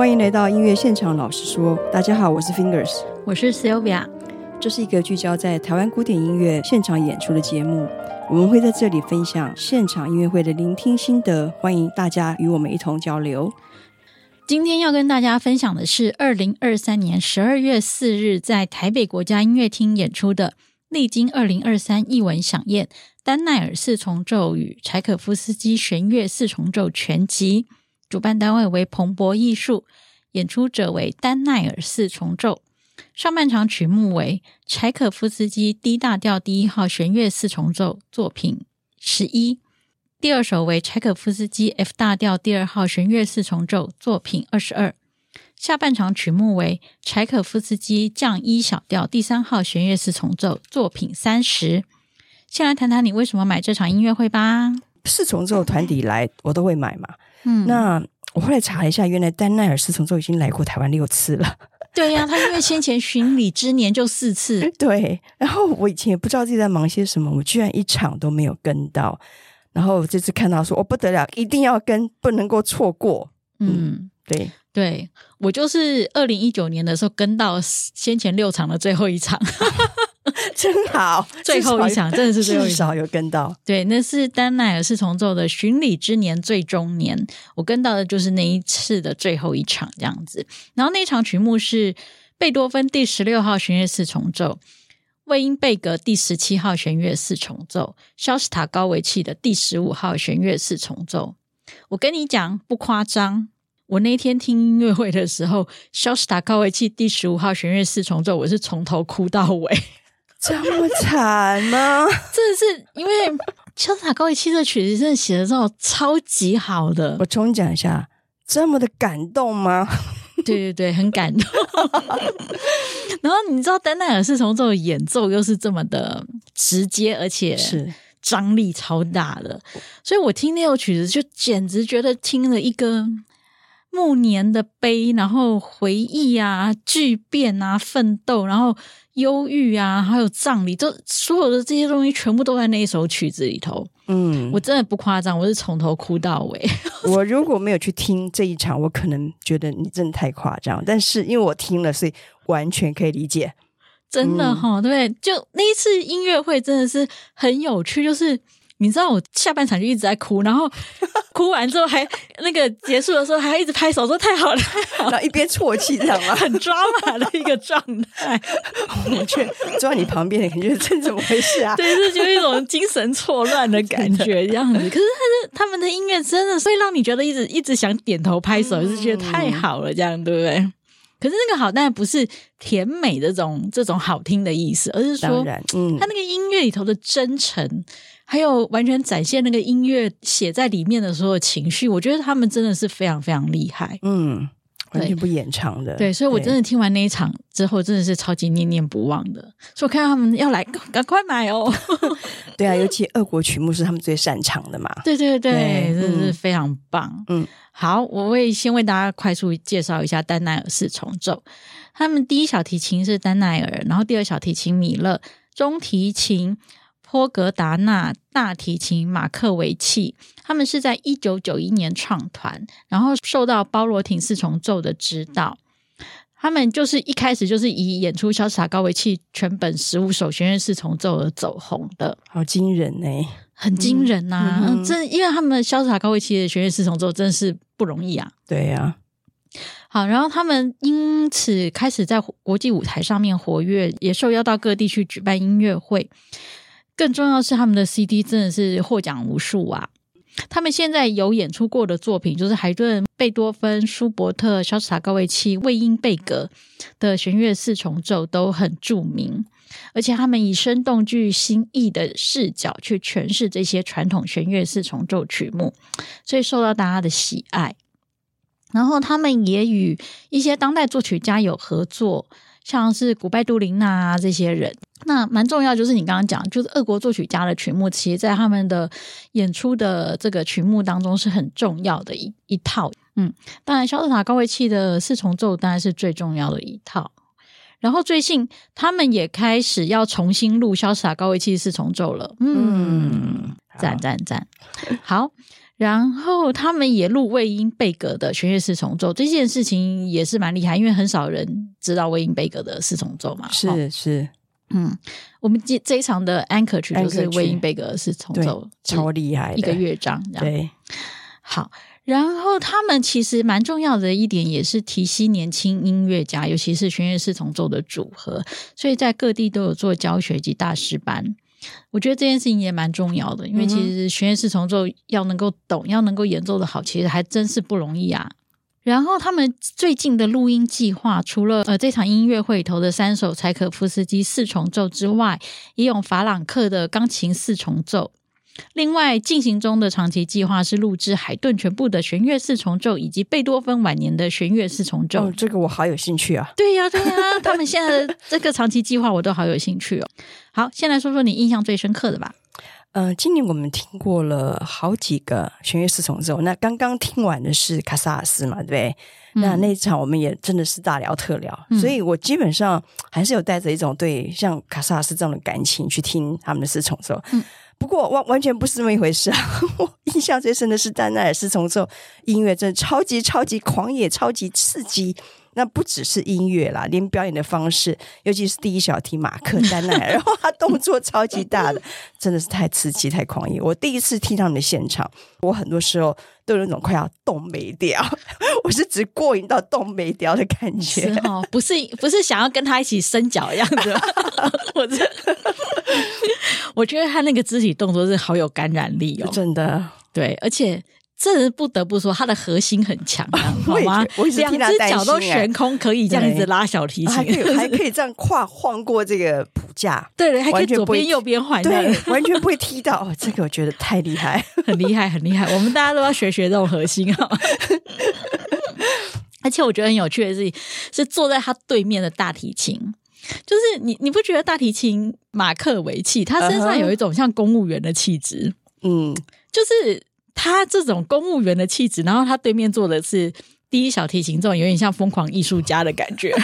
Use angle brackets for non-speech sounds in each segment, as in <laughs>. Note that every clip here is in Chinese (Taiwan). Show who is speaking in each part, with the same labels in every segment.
Speaker 1: 歡迎來到音樂現場，老實說，大家好，我是 Fingers，我是 Sylvia，這是一個聚焦在台灣古典音樂現場演出的節目，我們會在這裡分享現場音樂會的聆聽心得，歡迎大家與我們一同交流。今天要跟大家分享的是二零二三年十二月四日在台
Speaker 2: 北國家音樂廳演出的《力晶二零二三藝文饗宴》，丹奈爾四重奏與柴可夫斯基弦樂四重奏全集。主辦單位為鵬博藝術，演出者為丹奈爾四重奏。上半場曲目為柴可夫斯基 D 大調第一號弦樂四重奏，作品十一，第二首為柴可夫斯基 F 大調第二號弦樂四重奏，作品二十二。下半場曲目為柴可夫斯基降 e 小調第三號弦樂四重奏，作品三十。先來談談你為什麼買這場音
Speaker 1: 樂會吧。四重奏團體來，我都會買嘛。嗯，那我後來查了一下，原來丹奈爾四重奏已經來過台灣六次了。對呀、啊，他因為先前巡禮之年就四次。 <laughs> 對，然後我以前也不知道自己在忙些什麼，我居然一場都沒有跟到。然後我這次看到說，我不得了一定要跟，不能夠錯過。嗯,嗯，對對，
Speaker 2: 我就是二零一九年的時候跟到先前六場的最後一場。 <laughs>
Speaker 1: 真好， <laughs> 最後一場真的是最後一場，至少有跟
Speaker 2: 到。對，那是丹奈爾四重奏的《巡禮之年》最終年，我跟到的就是那一次的最後一場這樣子。然後那一場曲目是貝多芬第十六號弦樂四重奏，魏因貝格第十七號弦樂四重奏，肖斯塔高維契的第十五號弦樂四重奏。我跟你講不誇張，我那天聽音樂會的時候，肖斯塔高維契第十五號弦樂四重奏，我是從頭
Speaker 1: 哭到尾。這麼慘嗎？這是因為《瀟灑 <laughs> 高一期的曲子真的寫的這種超級好的。我重講一下，這麼的感動嗎？ <laughs> 對對對，很感動。 <laughs> 然後你知道丹
Speaker 2: 奈爾是從這種演奏又是這麼的直接，而且是張力超大的，是所以我聽那首曲子就簡直覺得聽了一個暮年的悲，然後回憶啊，巨變啊，奮鬥，然後。憂鬱啊，還有葬禮，就所有的這些東西全部都在那一首曲子裡頭。嗯，我真的不誇張，我是從頭哭到尾。
Speaker 1: <laughs> 我如果沒有去聽這一場，我可能覺得你真的太誇張。但是因為我聽了，所以完全可以理解。
Speaker 2: 真的哈、哦，嗯、對，就那一次音樂會真的是很有趣，就是。你知道我下半場就一直在哭，然後哭完之後還 <laughs> 那個結束的時候還一直拍手說，太好了，太好了，然後一邊啜泣，這樣嗎？很抓馬的一個狀態。
Speaker 1: <laughs> 我卻坐在你旁邊的，感覺這怎麼回事啊？對，是就是一種
Speaker 2: 精神錯亂的感覺這樣子。 <laughs> 可是，他的他們的音樂真的所以讓你覺得一直一直想點頭拍手，就是覺得太好了，這樣、嗯、對不對？可是那個好，當然不是甜美的這種這種好聽的意思，而是說，嗯，他那個音樂裡頭的真誠。還有完全展現那個音樂寫在裡面的所有情緒，我覺得他們真的是非常非常厲害，嗯，完全不演唱的對，對，所以我真的聽完那一場之後，真的是超級念念不忘的，對所以我看到他們要來，趕快買哦！
Speaker 1: <laughs> 對啊，尤其俄國曲目是他們最擅長的嘛，
Speaker 2: 對對對，真的對是非常棒。嗯，好，我會先為大家快速介紹一下丹奈爾四重奏，他們第一小提琴是丹奈爾，然後第二小提琴米勒，中提琴。托格達納，大提琴馬克維契，他們是在一九九一年創團，然後受到鮑羅廷四重奏的指導。他們就是一開始就是以演出蕭斯塔高維契全本十五首弦樂四重奏而走紅的，好驚人哎、欸，很驚人吶、啊！嗯、真因為他們蕭斯塔高維契的弦樂四重奏真的是不容易啊。對呀、啊，好，然後他們因此開始在國際舞台上面活躍，也受邀到各地去舉辦音樂會。更重要的是他們的 CD 真的是獲獎無數啊！他們現在有演出過的作品，就是海頓、貝多芬、舒伯特、蕭斯塔科維奇、魏因貝格的弦樂四重奏都很著名，而且他們以生動具新意的視角去詮釋這些傳統弦樂四重奏曲目，所以受到大家的喜愛。然後他們也與一些當代作曲家有合作。像是古拜杜林娜、啊、這些人，那蠻重要。就是你剛剛講，就是俄國作曲家的曲目，其實在他們的演出的這個曲目當中是很重要的一一套。嗯，當然肖斯塔高維契的四重奏當然是最重要的一套。然後最近他們也開始要重新錄肖斯塔高維契四重奏了。嗯，贊贊贊，好。然後他們也錄魏因貝格的弦樂四重奏，這件事情也是蠻厲害，因為很少人知道魏因貝格的四重奏嘛。是是、哦，嗯，我們這這一場的安可曲就是魏因貝格四重奏，
Speaker 1: 超厲害的一個樂章。這樣對，好。
Speaker 2: 然後他們其實蠻重要的一點也是提攜年輕音樂家，尤其是弦樂四重奏的組合，所以在各地都有做教學及大師班。我覺得這件事情也蠻重要的，因為其實弦樂四重奏要能夠懂，要能夠演奏的好，其實還真是不容易啊。然後他們最近的錄音計劃，除了呃這場音樂會裡頭的三首柴可夫斯基四重奏之外，也有法朗克的鋼琴四重奏。另外，進行中的長期計劃是錄製海頓全部的弦樂四重奏，以及貝多芬晚年的弦樂四重奏。哦，這個我好有興趣啊！對呀、啊，對呀、啊，他們現在這個長期計劃我都好有興趣哦。好，先來說說你印象最深刻的吧。
Speaker 1: 呃，今年我們聽過了好幾個弦樂四重奏，那剛剛聽完的是卡薩斯嘛，對不對？嗯，那那一場我們也真的是大聊特聊，嗯，所以我基本上還是有帶着一種對像卡薩斯這樣的感情去聽他們的四重奏。嗯不過完完全不是那麼一回事啊！我印象最深的是丹奈爾四重奏做音樂，真的超級超級狂野，超級刺激。那不只是音樂啦，連表演的方式，尤其是第一小提馬克丹奈， <laughs> 然後他動作超級大的，真的是太刺激、太狂野。我第一次聽他們的現場，我很多時候都有那種快要動沒掉，我是指過癮到動沒掉的感覺，是哦、
Speaker 2: 不是不是想要跟他一起伸腳一樣的。 <laughs> <laughs> 我覺得他那個肢體動作是好有感染力、哦、真的，對，而且。這是不得不說，他的核心很強、啊，好嗎？我一直聽他帶、啊，兩隻腳都懸空，
Speaker 1: 可以這樣子拉小提琴還，還可以這樣跨晃過這個譜架。對，還可以左邊右邊換，對，完全不會踢到、 <laughs> 哦。這個我覺得太
Speaker 2: 厲害，很厲害，很厲害。我們大家都要學學這種核心哈、哦、 <laughs> 而且我覺得很有趣的是，是，坐在他對面的大提琴，就是你，你不覺得大提琴馬克維契他身上有一種像公務員的氣質？嗯、uh，huh. 就是。他這種公務員的氣質，然後他對面坐的是第一小提琴，這種有點像瘋狂藝術家的感覺。 <laughs>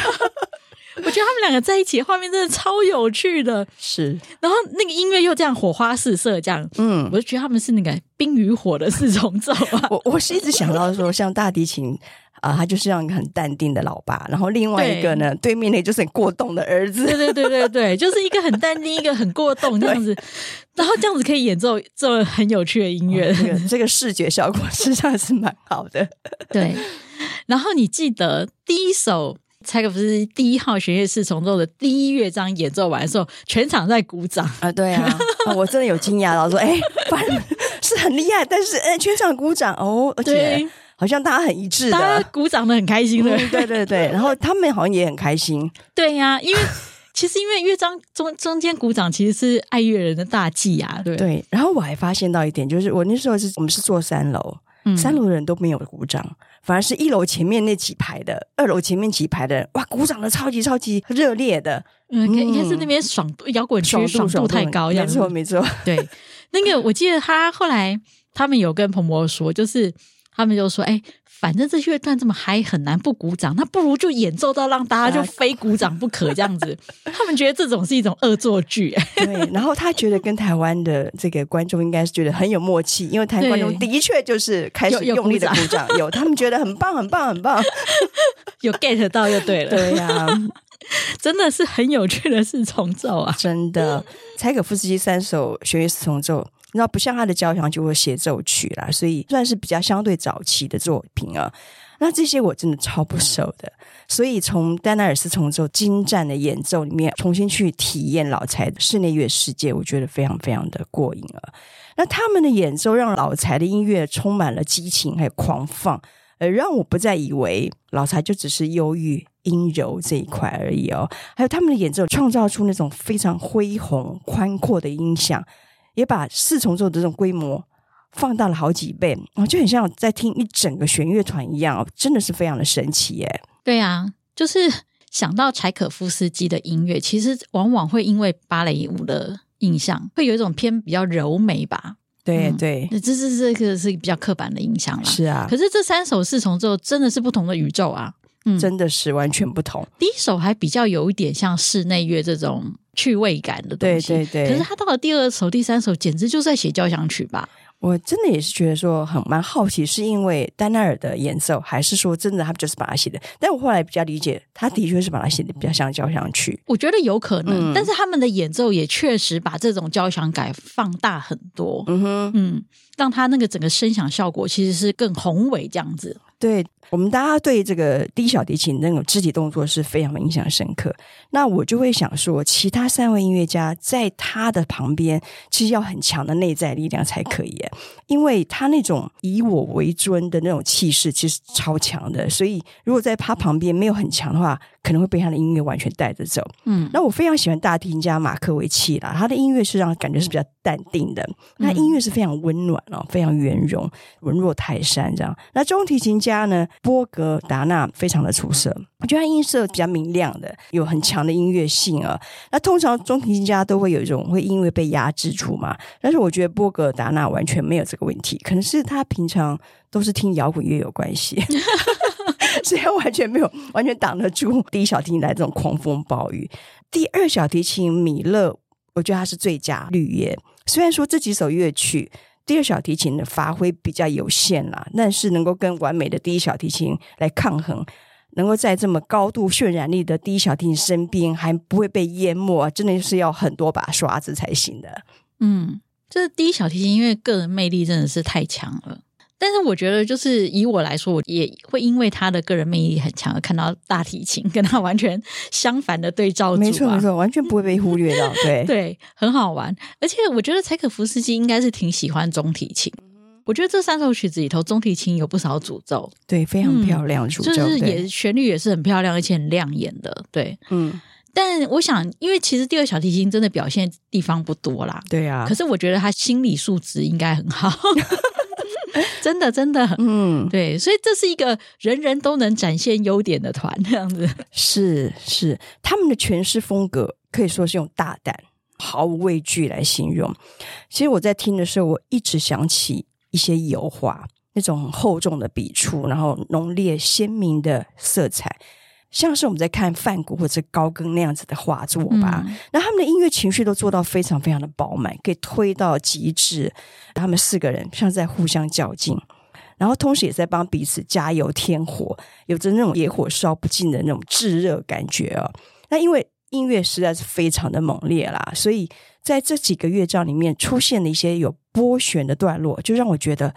Speaker 2: 我覺得他們兩個在一起畫面真的超有趣的，是。然後那個音樂又這樣火花四射，這樣，嗯，我就覺得他們
Speaker 1: 是那個冰與火的四重奏啊。 <laughs> 我我是一直想到說，像大提琴。啊，他就是這樣一個很淡定的老爸，然後另外一個呢，對，對面那就是很過動的兒子。對對
Speaker 2: 對對，對就是一個很淡定， <laughs> 一個很過動這樣子，對然後這樣子可以演奏做很有趣的
Speaker 1: 音樂，哦，這個。這個視覺效果實際
Speaker 2: 上是蠻好的。 <laughs> 對，然後你記得第一首柴可夫斯基第一號弦樂四重奏的第一樂章
Speaker 1: 演奏完之後，全場在鼓掌啊、呃！對啊、哦，我真的有驚訝，我 <laughs> 說哎，反正是很厲害，但是哎，全場鼓掌哦，而且。好像大家很一致的。大家鼓掌的很開心的。對對對，然後他們好像也很開心。
Speaker 2: 對呀，因為其實因為樂章中中間鼓掌其實是愛樂人的大
Speaker 1: 忌呀。對對，然後我還發現到一點，就是我那時候是我們是坐三樓，三樓的人都沒有鼓掌，反而是一樓前面那幾排的，二樓前面幾排的，哇，鼓掌的超級超級熱烈的。
Speaker 2: 嗯，應該是那
Speaker 1: 邊爽搖滾區爽度太高，沒錯沒錯。對，
Speaker 2: 那個我記得他後來他們有跟鵬博說，就是。他們就說：“哎、欸，反正這樂段這麼嗨，很難不鼓掌。那不如就演奏到讓大家就非鼓掌不可這樣子。” <laughs> 他們覺得
Speaker 1: 這種是一種惡作劇，對。然後他覺得跟台灣的這個觀眾應該是覺得很有默契，因為台灣的對觀眾的確就是開始用力的鼓掌，有，有，掌有他們覺得很棒、很棒、很棒， <laughs> 有 get 到就對了。對呀、啊， <laughs> 真的是很有趣的四重奏啊，真的柴可夫斯基三首弦樂四重奏。那不,不像他的交響，就會協奏曲啦，所以算是比較相對早期的作品啊。那這些我真的超不熟的，所以從丹奈爾四重奏這種精湛的演奏裡面重新去體驗老柴的室內樂世界，我覺得非常非常的過癮了、啊。那他們的演奏讓老柴的音樂充滿了激情和狂放，而讓我不再以為老柴就只是憂鬱陰柔這一塊而已哦。還有他們的演奏創造出那種非常恢宏寬闊的音響。也把四重奏的這種規模放大了好幾倍，我就很像在聽一整個弦樂團一樣，真的是非常的神奇耶！
Speaker 2: 對啊，就是想到柴可夫斯基的音樂，其實往往會因為芭蕾舞的印象，會有一種偏比較柔美吧？對對，嗯、對，這是這個是比較刻板的印象了。是啊，可是這三首四重奏真的是不同的宇宙啊，嗯、真的是完全不同、嗯。第一首還比較有一點像室內樂這種。
Speaker 1: 趣味感的東西，對對對。可是他到了第二首、第三首，簡直就是在寫交響曲吧？我真的也是覺得說很蠻好奇，是因為丹奈爾的演奏，還是說真的他就是把它寫的？但我後來比較理解，他的確是把它寫的比較像交響曲。我覺得有可能，嗯、但是他們的
Speaker 2: 演奏也確實把這種交響感放大很
Speaker 1: 多。嗯哼，
Speaker 2: 嗯。讓他那個整個聲響效果其實是更宏偉這樣子。
Speaker 1: 對，我們大家對這個低小提琴那種肢體動作是非常的印象深刻。那我就會想說，其他三位音樂家在他的旁邊，其實要很強的內在力量才可以，因為他那種以我為尊的那種氣勢，其實超強的。所以如果在他旁邊沒有很強的話，可能會被他的音樂完全帶着走。嗯，那我非常喜歡大提琴家馬克維契啦，他的音樂是讓感覺是比較淡定的，那、嗯、音樂是非常溫暖哦，非常圓融，穩若泰山這樣。那中提琴家呢，波格達納非常的出色，我覺得他音色比較明亮的，有很強的音樂性啊。那通常中提琴家都會有一種會因為被壓制住嘛，但是我覺得波格達納完全沒有這個問題，可能是他平常都是聽搖滾樂有關係。 <laughs> 實在完全沒有完全擋得住第一小提琴來這種狂風暴雨。第二小提琴米勒，我覺得他是最佳綠葉。雖然說這幾首樂曲，第二小提琴的發揮比較有限啦，但是能夠跟完美的第一小提琴來抗衡，能夠在這麼高度渲染力的第一小提琴身邊還不會被淹沒，真的就是要很多把刷子才行的。
Speaker 2: 嗯，這、就是、第一小提琴，因為個人魅力真的是太強了。
Speaker 1: 但是我覺得，就是以我來說，我也會因為他的個
Speaker 2: 人魅力很強，看到大提琴跟他完全相反的對照組啊、沒錯沒錯，完全不會被忽略到， <laughs> 對對，很好玩。而且我覺得柴可夫斯基應該是挺喜歡中提琴。我覺得這三首曲子裡頭，中提琴有不少主奏，對，非常漂亮，嗯、就是也旋律也是很漂亮，對而且很亮眼的，對，
Speaker 1: 嗯。
Speaker 2: 但我想，因為其實第二小提琴真的表現的地方不多啦，對啊。可是我覺得他心理素質應該很好。 <laughs> <noise> 真的，真的，嗯，對，所以這是一個人人都能
Speaker 1: 展現優點的團這樣子，是是，他們的詮釋風格可以說是用大膽、毫無畏懼來形容。其實我在聽的時候，我一直想起一些油畫，那種厚重的筆觸，然後濃烈鮮明的色彩。像是我們在看梵谷或者高更那樣子的畫作吧，嗯、那他們的音樂情緒都做到非常非常的飽滿，可以推到極致。他們四個人像是在互相較勁，然後同時也在幫彼此加油添火，有着那種野火燒不盡的那種炙熱感覺，哦、那因為音樂實在是非常的猛烈啦，所以在這幾個樂章裡面出現的一些有波旋的段落，就讓我覺得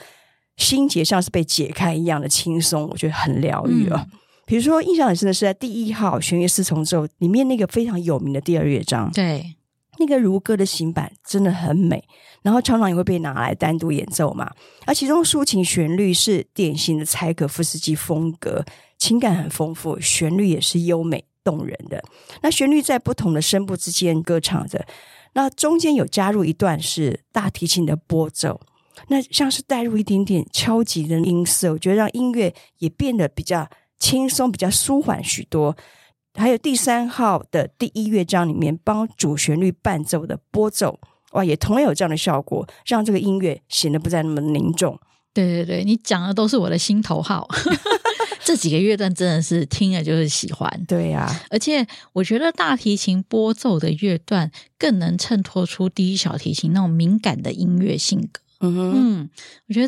Speaker 1: 心結像是被解開一樣的輕鬆，我覺得很療癒哦。嗯比如說，印象很深的是在第一號弦樂四重奏裡面那個非常有名的第二樂章，對，那個如歌的行板真的很美。然後常常也會被拿來單獨演奏嘛。而其中抒情旋律是典型的柴可夫斯基風格，情感很豐富，旋律也是優美動人的。那旋律在不同的聲部之間歌唱着，那中間有加入一段是大提琴的撥奏，那像是帶入一點點敲擊的音色，我覺得讓音樂也變得比較輕鬆比較舒緩許多，還有第三號的第一樂章裡面，幫主旋律伴奏的撥奏，哇，也同樣有這樣的效果，讓這個音樂顯得不再那麼凝重。對對對，你講的都是我的心頭好， <laughs> 這幾個樂
Speaker 2: 段真的是聽了就是喜歡。 <laughs> 對呀、啊，而且我覺得大提琴撥奏的樂段更能襯托出第一小提琴那種敏感的音樂性格。嗯哼嗯，
Speaker 1: 我覺得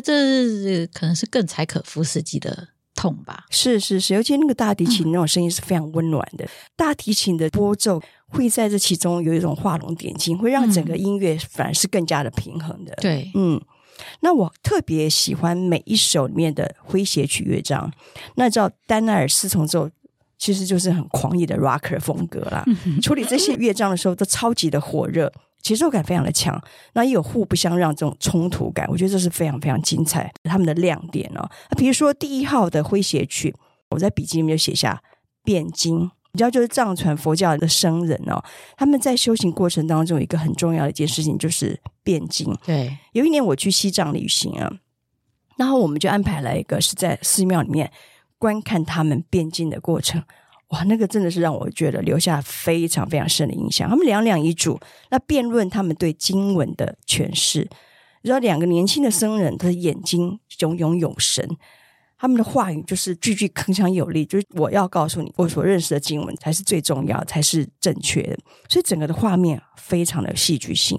Speaker 1: 這可能是更柴可夫斯基的。痛吧，是是是，尤其那個大提琴那種聲音是非常溫暖的，嗯、大提琴的撥奏會在這其中有一種畫龍點睛，會讓整個音樂反而是更加的平衡的。嗯嗯、對，嗯，那我特別喜歡每一首裡面的詼諧曲樂章，那叫丹奈爾四重奏，其實就是很狂野的 rocker 風格啦。嗯、哼處理這些樂章的時候都超級的火熱。節奏感非常的強，那也有互不相讓這種衝突感，我覺得這是非常非常精彩他們的亮點哦。那、啊、比如說第一號的詼諧曲，我在筆記裡面就寫下辯經，你知道就是藏傳佛教的僧人哦，他們在修行過程當中有一個很重要的一件事情就是辯經。對，有一年我去西藏旅行啊，然後我們就安排了一個是在寺廟裡面觀看他們辯經的過程。哇，那個真的是讓我覺得留下非常非常深的印象。他們兩兩一組，那辯論他們對經文的詮釋。你知道兩個年輕的僧人，他的眼睛炯炯有神，他們的話語就是句句鏗鏘有力，就是我要告訴你，我所認識的經文才是最重要，才是正確的。所以整個的畫面非常的戲劇性。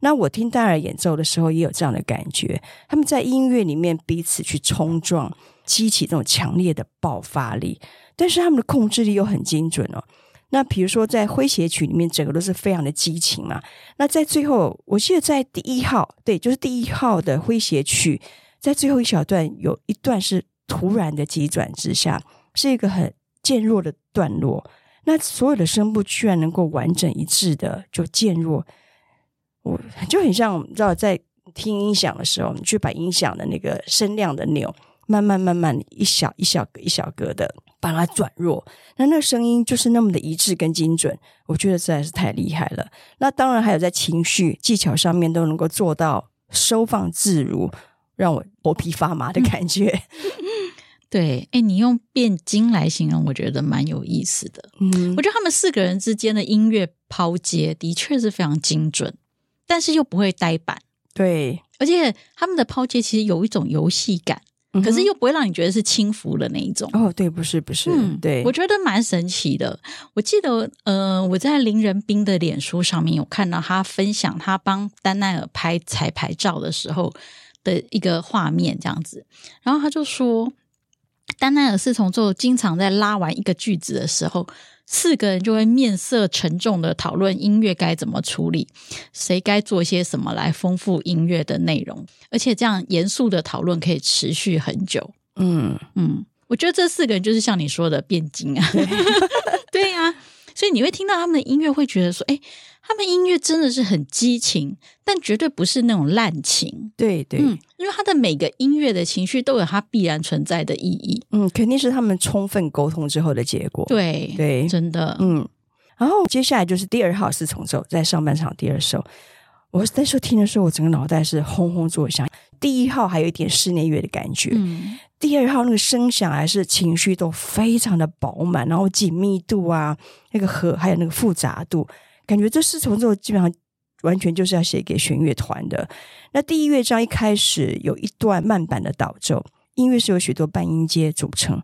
Speaker 1: 那我聽戴爾演奏的時候，也有這樣的感覺。他們在音樂裡面彼此去衝撞。激起這種強烈的爆發力，但是他們的控制力又很精準哦。那比如說在詼諧曲裡面，整個都是非常的激情嘛。那在最後，我記得在第一號，對，就是第一號的詼諧曲，在最後一小段有一段是突然的急轉直下，是一個很漸弱的段落。那所有的聲部居然能夠完整一致的就漸弱，我就很像你知道，在聽音響的時候，你去把音響的那個聲量的鈕。慢慢慢慢，一小一小一小格的把它轉弱，那那個聲音就是那麼的一致跟精準，我覺得實在是太厲害了。那當然還有在情緒技巧上面都能夠做到收放自如，讓我頭皮發麻的感覺。嗯、 <laughs> 對，哎、欸，你用辯經
Speaker 2: 來形容，我覺得蠻有意思的。嗯，我覺得他們四個人之間的音樂拋接的確是非常精準，但是又不會呆板。對，而且他們的拋接其實有一種遊戲感。可是又不會讓你覺得是輕浮的那一種哦，對，不是
Speaker 1: 不是，嗯、對，我覺
Speaker 2: 得蠻神奇的。我記得，呃，我在林仁斌的臉書上面有看到他分享他幫丹奈爾拍彩排照的時候的一個畫面，這樣子。然後他就說，丹奈爾是從做經常在拉完一個句子的時候，四個人就會面色沉重的討論音樂該怎麼處理，誰該做一些什麼來豐富音樂的內容，而且這樣嚴肅的討論可以持續很久。嗯嗯，我覺得這四個人就是像你說的辯經啊，對呀、 <laughs> 對啊，所以你會聽到他們的音樂會覺得說，哎。他們音樂真的是很激情，但絕對不是那種濫情。對對。嗯，
Speaker 1: 因為他的每個音樂的情緒都有它
Speaker 2: 必然存在的意義。嗯，
Speaker 1: 肯定是他們充分溝通之後的結果。對對，對，真的。嗯，然後接下來就是第二號四重奏，在上半場第二首。我那時候聽的時候，我整個腦袋是轟轟作響。第一號還有一點室內樂的感覺，嗯。第二號那個聲響還是情緒都非常的飽滿，然後緊密度啊，那個和還有那個複雜度。感覺這四重奏基本上完全就是要寫給弦樂團的。那第一樂章一開始有一段慢板的導奏，音樂是由許多半音階組成，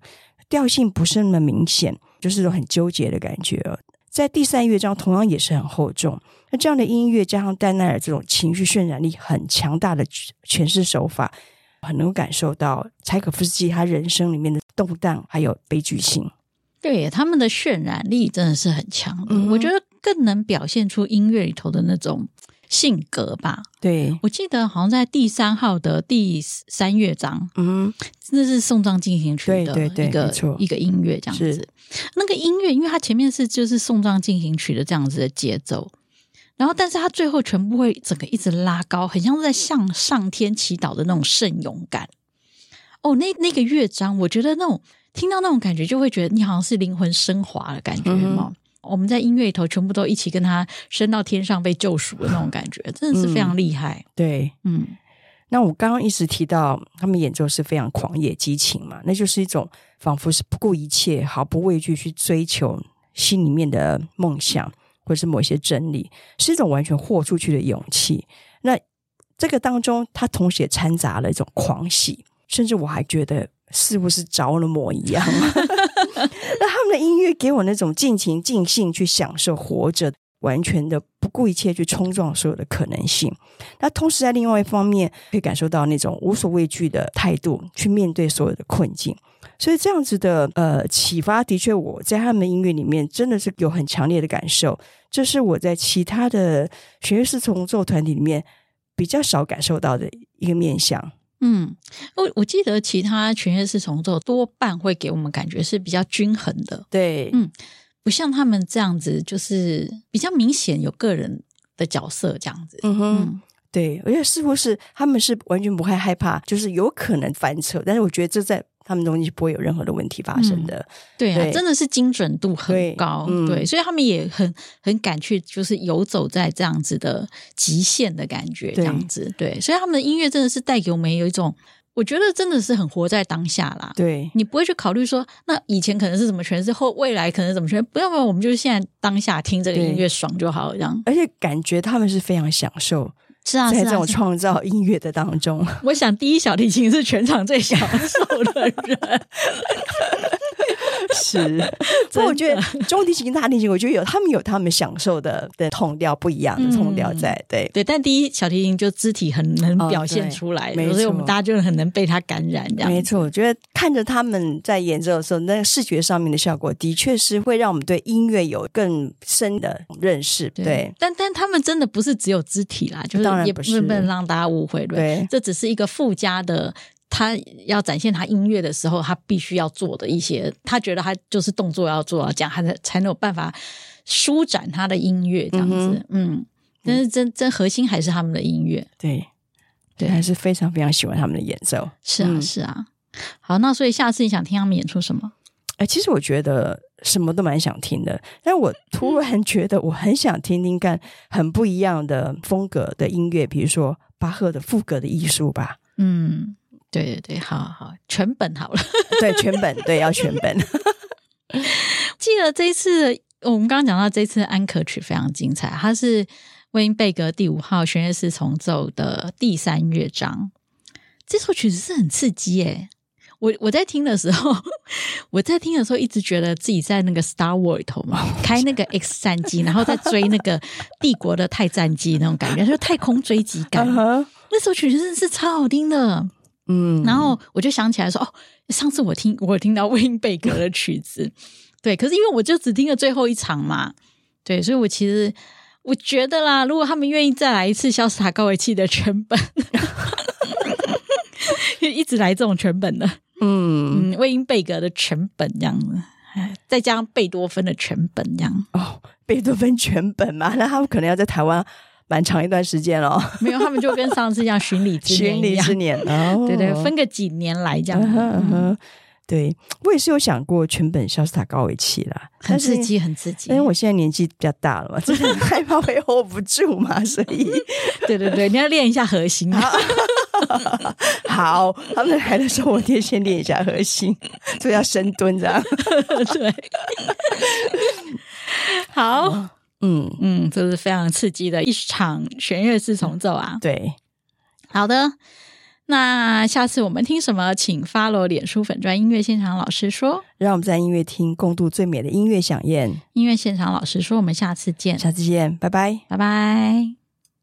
Speaker 1: 調性不是那麼明顯，就是種很糾結的感覺。在第三樂章同樣也是很厚重。那這樣的音樂加上丹奈爾這種情緒渲染力很強大的詮釋手法，很能夠感受到柴可夫斯基他人生裡面的動盪還有悲劇性。
Speaker 2: 對他們的渲染力真的是很強，嗯,嗯,嗯，我覺得。更能表現出音樂裡頭的那種性格吧？對，我記得好像在第三號的第三樂章，嗯哼，那是送葬進行曲的一個對對對一個音樂這樣子。是那個音樂，因為它前面是就是送葬進行曲的這樣子的節奏，然後，但是它最後全部會整個一直拉高，很像是在向上天祈禱的那種聖詠感。哦，那那個樂章，我覺得那種聽到那種感覺，就會覺得你好像是靈魂升華的感覺、嗯我們在音樂裡頭，全部都一起跟他升到天上，被救贖的那種感覺，真的是非常厲害。嗯、
Speaker 1: 對，嗯，那我剛剛一直提到他們演奏是非常狂野、激情嘛，那就是一種仿佛是不顧一切、毫不畏懼去追求心裡面的夢想，或者是某些真理，是一種完全豁出去的勇氣。那這個當中，他同時也摻雜了一種狂喜，甚至我還覺得是不是着了魔一樣。 <laughs> 那音樂給我那種盡情盡興去享受活着，完全的不顧一切去衝撞所有的可能性。那同時在另外一方面，可以感受到那種無所畏懼的態度去面對所有的困境。所以這樣子的呃啟發，的確我在他們音樂裡面真的是有很強烈的感受。這是我在其他的弦樂四重奏團體裡面比較少感受到的一個面向。
Speaker 2: 嗯，我我記得其他弦樂四重奏多半會給我們感覺是比較均衡的，對，嗯，不像他們這樣子，就是比較明顯有
Speaker 1: 個人的角色這樣子，嗯哼，嗯對，而且似乎是他們是完全不會害怕，就是有可能翻車，但是我覺得這在。他們東西是不會有任何的問題發生的，嗯、對啊，對真的是精準度很高，對，所以他們也很很敢去，就是游
Speaker 2: 走在這樣子的極限的感覺，對這樣子，對，所以他們的音樂真的是帶給我們有一種，我覺得真的是很活在當下啦，對你不會去考慮說，那以前可能是怎麼詮釋，是後未來可能是怎麼詮釋，不要不要，我們就是現在當下聽這個音樂爽就好，對這樣，
Speaker 1: 而且感覺他們是非常享受。是啊，在這種創造音樂的當中，
Speaker 2: 我想第一小提琴是全場最
Speaker 1: 享受的人。 <laughs> <laughs> <laughs> 是，所不以的我覺得中提琴、大提琴，我覺得有他們有他們享受的的 tone 調不一樣的 tone 調在，對、嗯、對。但第一小提琴就肢體很能表現出來，哦、所以我們大家就很能被他感染沒。沒錯，我覺得看着他們在演奏的時候，那視覺上面的效果，的確是會讓我們對音樂有更深的認識。對，對
Speaker 2: 但但他們真的不是只有肢體啦，就是也不能讓
Speaker 1: 大家誤會，對，
Speaker 2: 這只是一個附加的。他要展現他音樂的時候，他必須要做的一些，他覺得他就是動作要做這樣，講他的才能有辦法舒展他的音樂這樣子。嗯，哼嗯，但是真、嗯、真核心還是他們的音樂。對，對，還是非常非常喜
Speaker 1: 歡他們的演奏。
Speaker 2: 是啊，嗯、是啊。好，那所以下次你想聽他們演出什麼？
Speaker 1: 哎、呃，其實我覺得什麼都蠻想聽的，但我突然覺得我很想聽聽看很不一樣的風格的音樂，比如說巴赫的賦格的藝術吧。嗯。對對對，好好，好全本好了。 <laughs> 對，全本對，要全本。
Speaker 2: <laughs> 記得這一次，我們剛剛講到這次安可曲非常精彩，它是魏因貝格第五號弦樂四重奏的第三樂章。這首曲子是很刺激耶！我我在聽的時候，我在聽的時候一直覺得自己在那個 Star Wars 裡頭嘛，開那個 X 戰機， <laughs> 然後再追那個帝國的太戰機那種感覺， <laughs> 就太空追擊感。Uh huh. 那首曲子真的是超好聽的。嗯，然後我就想起來說，哦，上次我聽我聽到魏因貝格的曲子， <laughs> 對，可是因為我就只聽了最後一場嘛，對，所以我其實我覺得啦，如果他們願意再來一次肖斯塔高維契的全本，因 <laughs> <laughs> 一,一直來這種全本的，嗯，嗯，魏因貝格的全本這樣子，
Speaker 1: 再加上貝多芬的全本這樣，哦，貝多芬全本嘛，那他們可能要在台灣。蠻長一段時間了，沒有，他們就跟上次一樣 <laughs> 巡禮之年巡禮之年，哦、對對，分個
Speaker 2: 幾年來這樣、嗯哼哼。
Speaker 1: 對，我也是有想過全本肖斯塔高維奇了，很刺激，很刺激。因為我現在年紀比較大了嘛，
Speaker 2: 真的害怕會
Speaker 1: hold 不住嘛，所以， <laughs> 對對對，你要練一下核心嘛。 <laughs> 好，他們來的時候，我得先練一下核心，所以要深蹲這樣。 <laughs> 對， <laughs> 好。嗯嗯，這、嗯就是非
Speaker 2: 常刺激的一場弦樂四重奏啊！嗯、對，好的，那下次我們聽什麼，請 follow 臉書粉專“音樂現場”老實說。讓我們在音樂
Speaker 1: 廳共度最美的音樂饗宴。音
Speaker 2: 樂現場老實說：“我們下次見，下次見，拜拜，拜拜。”